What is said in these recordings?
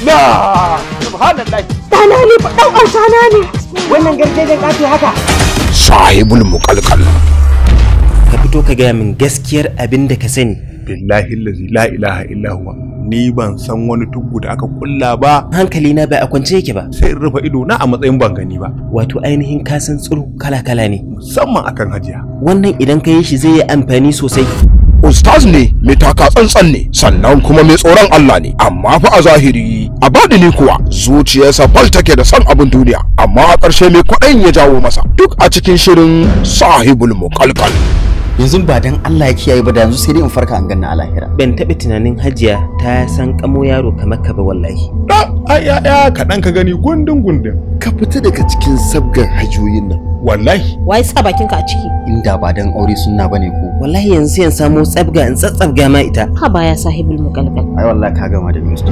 Na! Subhanallah! Tana ne fa ɗan ƙarsana ne! Wannan garjejen ƙafi haka! Sahibul muƙalƙal. Ka fito ka gaya min gaskiyar abin da ka sani. Billahi la ilaha illa Ni ban san wani tugu da aka kulla ba. Hankali na bai a kwance yake ba. Sai in rufe ido na a matsayin ban gani ba. Wato ainihin kasan tsiro kala-kala ne. Musamman akan hajiya. Wannan idan ka yi shi zai yi amfani sosai. ustaz ne mai taka tsantsan ne sannan kuma mai tsoron Allah ne amma fa a zahiri a ne kuwa zuciyarsa bal take da san abin duniya amma a ƙarshe mai kwaɗayin ya jawo masa duk a cikin shirin sahibul mukalkal yanzu ba dan Allah ya kiyaye ba da yanzu sai dai in farka an ganna a lahira ban taɓa tunanin hajiya ta san kamo yaro kamar ka ba wallahi ya ya kaɗan ka gani gundun gundun ka fita daga cikin sabgar hajoyin nan wallahi wai sa bakinka a ciki inda ba dan aure sunna bane ko wallahi yanzu yan samo tsabga in tsatsabga ma ita ha baya sahibul mukalkal ai wallahi ka gama da mistu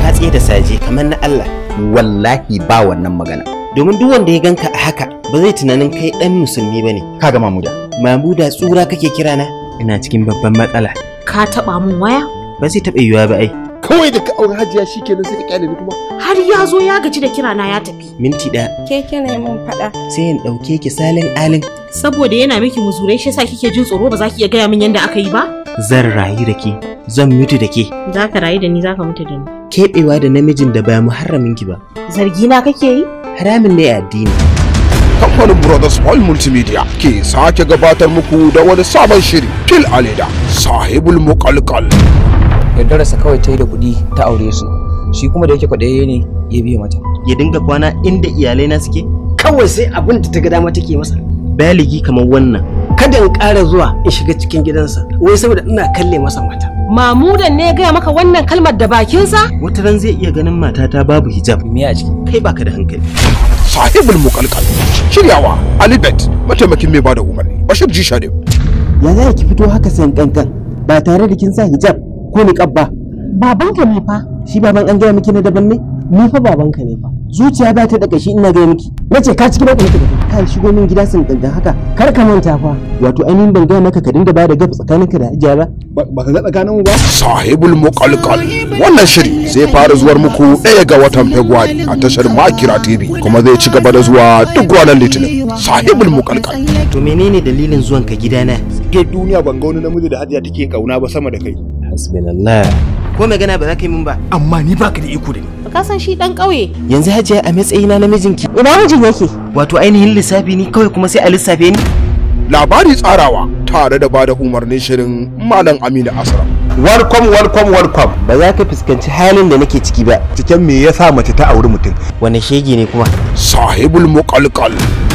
ka tsaye da saje kamar na Allah wallahi ba wannan magana domin duk wanda ya ganka a haka ba zai tunanin kai dan musulmi bane ka gama muda mamuda tsura kake kira na ina cikin babban matsala ka taba mun waya ba zai taba yiwa ba ai kawai da ka aure hajiya shikenan sai ka kyale ni kuma har ya zo ya gaji da kirana ya tafi minti ɗaya. keke ne mun faɗa sai in ɗauke ki salin alin saboda yana miki muzurai shi yasa kike jin tsoro ba za ki iya gaya min yadda aka yi ba zan rayu da ke zan mutu da ke za ka rayu da ni za ka mutu da ni keɓewa da namijin da ba muharramin ki ba zargi na kake yi haramin ne a addini kamfanin brothers all multimedia ke sake gabatar muku da wani sabon shiri kil aleda sahibul muƙalƙal darasa kawai ta yi da kuɗi ta aure su shi kuma da yake kwaɗayayye ne ya biya mata ya dinga kwana inda iyalai na suke kawai sai abin da ta ga dama take masa baligi kamar wannan kada in ƙara zuwa in shiga cikin gidansa wai saboda ina kalle masa mata mamudan ne ya gaya maka wannan kalmar da bakinsa wata ran zai iya ganin matata babu hijab me a ciki kai baka da hankali sahibul mukalkal shiryawa alibet mataimakin mai bada umarni bashir jishade ya za ki fito haka san kankan ba tare da kin sa hijab ko niqab ba babanka ne fa shi baban an gaya miki na daban ne ni fa babanka ne fa zuciya ba ta da kashi ina gaya miki na ce ka cikin ɗaukar ka shigo min gida sun gangan haka kar ka manta fa wato ainihin ban ga maka ka dinga ba da gaba tsakaninka da ajiya ba ba ka ga tsakanin mu ba sahibul muqalqal wannan shiri zai fara zuwar muku ɗaya ga watan february a tashar makira tv kuma zai ci gaba da zuwa duk ranar litinin sahibul muqalqal to menene dalilin zuwan ka gidana ke duniya ban ga wani namiji da hajiya take kauna ba sama da kai hasbinallah ko magana ba za ka yi min ba amma ni baka da iko da ni ka san shi dan ƙauye yanzu hajiya a matsayina na mijinki ina mijin yake wato ainihin lissafi ne kawai kuma sai a lissafe ni labari tsarawa tare da bada umarnin shirin malam aminu asra welcome welcome welcome ba za ka fuskanci halin da nake ciki ba cikin me yasa mace ta auri mutum wani shege ne kuma sahibul muqalqal